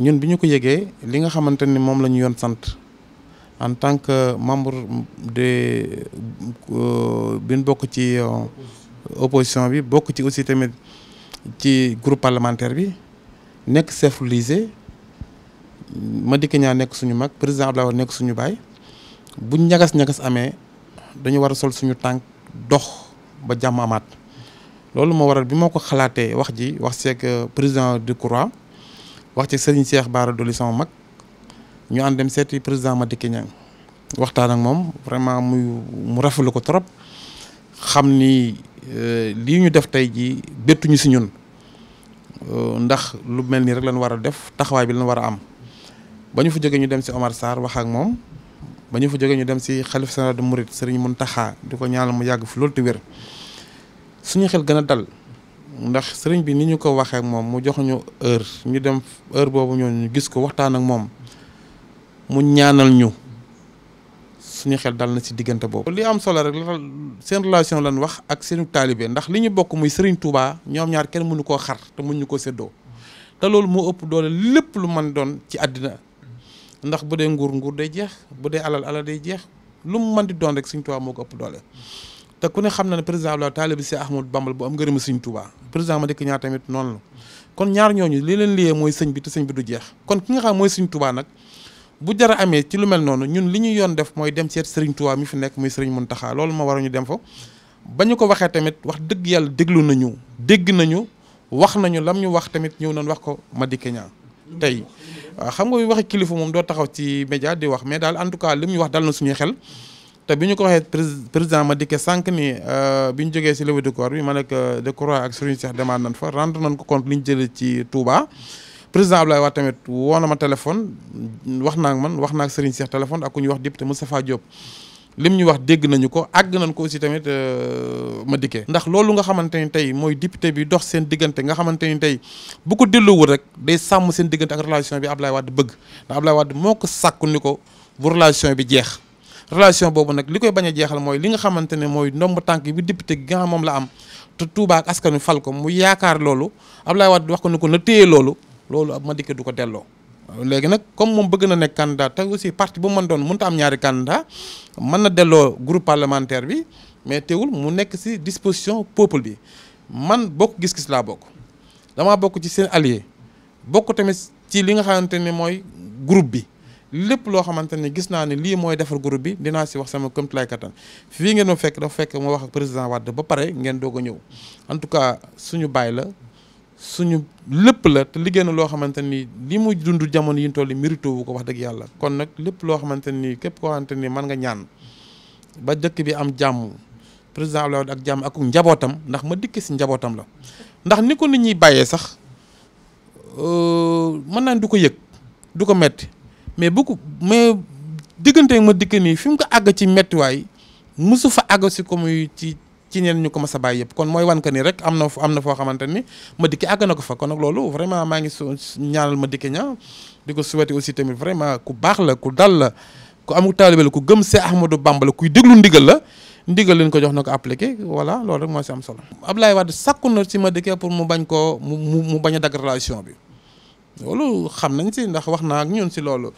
ñun bi ñu ko yëgee li nga xamante ni moom la ñu yoon sant en tant que membre de euh, bi ñu bokk ci euh, opposition bi bokk ci aussi tamit ci groupe parlementaire bi nekk chef lycée Madické Niang nekk suñu mag président Abdoulaye Wade nekk suñu baay buñ ñagas-ñagas amee dañu war a sol suñu tànk dox ba jàmm amaat loolu moo waral bi moo ko xalaatee wax ji wax seeg euh, président de courant wax ci sëriñ Cheikh Bara Dolly sama mag ñu ànd dem seeti président Madické Niang waxtaan ak moom vraiment muy mu rafetlu ko trop xam ni euh, lii ñu def tey jii bettuñu si ñun euh, ndax lu mel nii rek lañ war a def taxawaay bi lañ war a am ba ñu fa jógee ñu dem si Omar saar wax ak moom ba ñu fi jógee ñu dem si xalif général de Mouride sëriñ Mountakha di ko ñaanal mu yàgg fu loolu te wér suñu xel gën a dal. ndax sëriñ bi ni ñu ko waxee ak moom mu jox ñu heure ñu dem heure boobu ñooñu ñu gis ko waxtaan ak moom mu ñaanal ñu suñu xel dal na ci diggante boobu. li am solo rek seen relation lan wax ak seen taalibe ndax li ñu bokk muy sëriñ Touba ñoom ñaar kenn mënu koo xar te ñu koo séddoo te loolu moo ëpp doole lépp lu man doon ci àddina ndax bu dee nguur nguur day jeex bu dee alal alal day jeex lu mu mën di doon rek sëriñ Touba moo ko ëpp doole. te ku ne xam na ne président Abdoulaye taalibe si Ahmadu Bamba bu am ngërëm Sëñ Tuubaa président Madické Niang tamit noonu la kon ñaar ñooñu li leen liyee mooy sëñ bi te bi du jeex kon ki nga mooy Sëñ Tuubaa nag bu jara amee ci lu mel noonu ñun li ñu yoon def mooy dem seet Sëriñ Tuubaa mi fi nekk muy Sëriñ Muntaxa loolu ma ñu dem fa ba ñu ko waxee tamit wax dëgg yàlla déglu nañu dégg nañu wax nañu lam ñu wax tamit ñëw nañ wax ko ma Madické Niang tey waaw xam nga bi waxee kilifa moom doo taxaw ci média di wax mais daal en tout cas li mu wax dal na suñuy xel te bi ñu ko waxee président ma dikke sànq ni euh, bi ñu jógee si levée du corps bi ma nekk euh, de croix ak Serigne Cheikh demaat nañ fa rendre nañ ko compte li ñu jëlee ci Touba. président Abdoulaye Wade tamit woo na ma téléphone wax naa ak man wax naa ak Serigne Cheikh téléphone ak ku ñuy wax député Moustapha Diop. lim ñu wax dégg nañu ko àgg nañ ko aussi tamit euh, ma dikkee ndax loolu nga xamante ni tey mooy député bi dox seen diggante nga xamante ni tey bu ko delloowul rek day sàmm seen diggante relation bi Abdoulaye Wade bëgg ndax Abdoulaye Wade moo ko sàkku ni ko relation bi jeex. relation boobu nag li koy bañ a jeexal mooy li nga xamante ne mooy ndomb tànk bi député gi nga xam moom la am te Touba ak askan wi fal ko mu yaakaar loolu Ablaye Wade wax ko ni ko na téye loolu loolu ab ma dikke du ko delloo. léegi nag comme moom bëgg na nekk candidat te aussi parti bu mën doon mënut am ñaari candidat man na delloo groupe parlementaire bi mais teewul mu nekk ci disposition peuple bi man bokk gis-gis laa bokk damaa bokk ci seen allié bokk tamit ci li nga xamante ne mooy groupe bi. lépp loo xamante ne gis naa ne lii mooy defar groupe bi dinaa si wax sama këmtulaay kattan fii ngeen ma fekk dafa fekk ma wax ak président Wade ba pare ngeen doog a ñëw en tout cas suñu baay la suñu lépp la te liggéey na loo xamante ni li muy dundu jamono yi ñu toll mérité wu ko wax dëgg yàlla kon nag lépp loo xamante nii képp ko xamante ni man nga ñaan ba dëkk bi am jàmm président Abdoulaye Wade ak jàmm ak njabootam ndax ma dikk si njabootam la ndax ni ko nit ñuy bàyyee sax euh, mën naa du ko yëg du ko metti mais bu ko mais diggante ma dikk nii fi mu ko àgg ci méttiwaay musu fa àgg si comme ci ci ñenn ñu ko ma a bàyyi yëpp kon mooy wan que ni rek am na am na foo xamante ni ma dikk àgg na ko fa kon nag loolu vraiment maa ngi su ñaanal ma dikki ña di ko souhaité aussi tamit vraiment ku baax la ku dal la ku amul taalibe la ku gëm see Ahmadou Bamba la kuy déglu ndigal la ndigal leen ko jox na ko appliqué voilà loolu rek mooy si am solo. Ablaye Wade sakku na si ma dikkee pour mu bañ koo mu mu bañ a dagg bi. loolu xam nañ si ndax wax naa ak ñun si loolu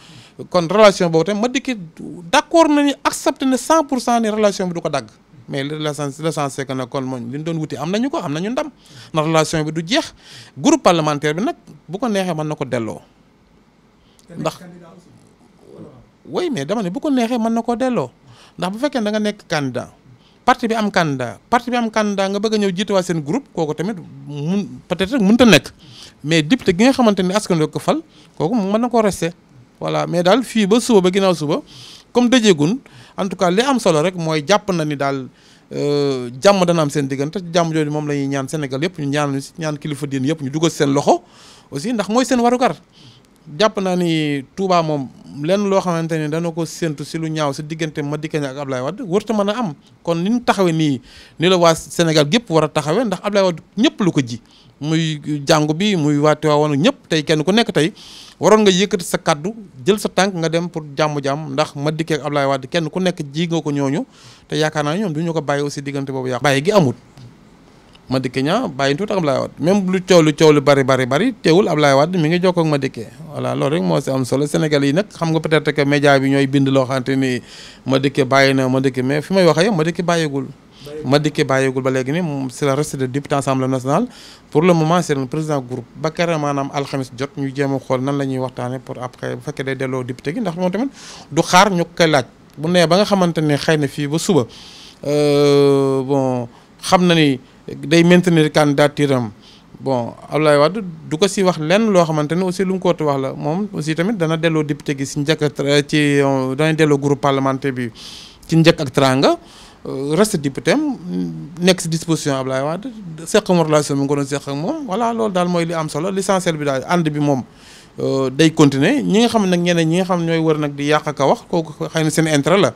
kon relation boobu tamit ma dikki d' accord na ni accepté ne cent pour cent ni relation bi du ko dagg mais l'essence c'est que nag kon moom li ñu doon wuti am nañu ko am nañu ndam ndax relation bi du jeex groupe parlementaire bi nag bu ko neexee mën na ko delloo ndax oui mais dama ne bu ko neexee mën na ko delloo ndax bu fekkee da nga nekk candidat parti bi am candidat parti bi am candidat nga bëgg a ñëw jiituwaat seen groupe kooku tamit mun peut rek mënut a nekk mais député gi nga xamante ni askan ko fal kooku mën na koo rester voilà mais daal fii ba suba ba ginnaaw suba comme dëjeegun en tout cas li am solo rek mooy jàpp na ni daal euh, jàmm dana am seen diggante jàmm jooju moom la ñuy ñaan Sénégal yëpp ñu ñaan ñaan kilifa diin yëpp ñu dugal seen loxo aussi ndax mooy seen warugar. jàpp naa ni Touba moom lenn loo xamante ni dana ko séntu si lu ñaaw si diggante ma Niang ak Ablaye Wade warta mën a am kon ni mu taxawee nii ni la waa Sénégal gépp war a taxawee ndax Ablaye Wade ñëpp lu ko ji muy jàngu bi muy waati waa woon ñëpp tey kenn ku nekk tey waroon nga yëkkati sa kaddu jël sa tànk nga dem pour jàmm jaam ndax ma Madické ak Ablaye Wade kenn ku nekk ji nga ko ñooñu te yaakaar naa ñoom du ñu ko bàyyi aussi diggante boobu yàqu bàyyi gi amut Madické Niang bàyyi tuuti Ablaye Wade même lu coow lu coow lu bari bari bari teewul Ablaye Wade mi ngi jokkoo ak Madické voilà loolu rek moo si am solo Sénégal yi nag xam nga peut-être que média bi ñooy bind loo xamante ni Madické bàyyi na Madické mais fi may waxee Madické bàyyeegul. Madické bàyyeegul ba léegi nii moom c'est le reste de député Assemblée nationale pour le moment c'est le président groupe ba keroog maanaam alxames jot ñu jéem a xool nan la ñuy waxtaanee pour après bu fekkee day delloo député gi ndax moom tamit du xaar ñu koy laaj bu nee ba nga xamante ne xëy na fii ba suba euh, bon xam na ni day maintenir candidature am bon lay Wade du ko si wax lenn loo xamante ne aussi lum mu ko wax la moom aussi tamit dana delloo député gi si njëkk ak ci euh, dana delloo groupe bi ci njëkk ak tranga euh, reste député am nekk si disposition Abdoulaye Wade seq mu relation bi nga ko doon seq moom voilà loolu daal mooy li am solo l'essentiel bi daal ànd bi moom. Euh, day continuer ñi nga xam nag ñeneen ñi nga xam ñooy wër nag di yàq ak wax kooku xëy na seen intérêt la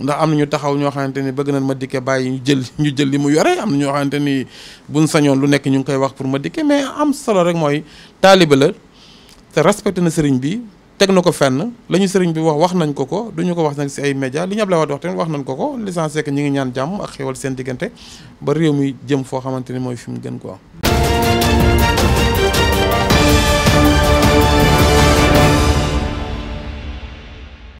ndax am na ñu taxaw ñoo xamante ni bëgg nañ ma dikkee bàyyi ñu jël ñu jël li mu yore am na ñoo xamante ni buñ sañoon lu nekk ñu ngi koy wax pour ma dikke mais am solo rek mooy taaliba la te respecté na sëriñ bi teg na ko fenn la ñu sëriñ bi wax wax nañ ko ko duñu ko wax nag si ay média li ñu Abdoulaye Wade wax tamit wax nañ ko ko l'essentiel que ñu ngi ñaan jàmm ak xéwal seen diggante ba réew mi jëm foo xamante ni mooy fi mu gën ko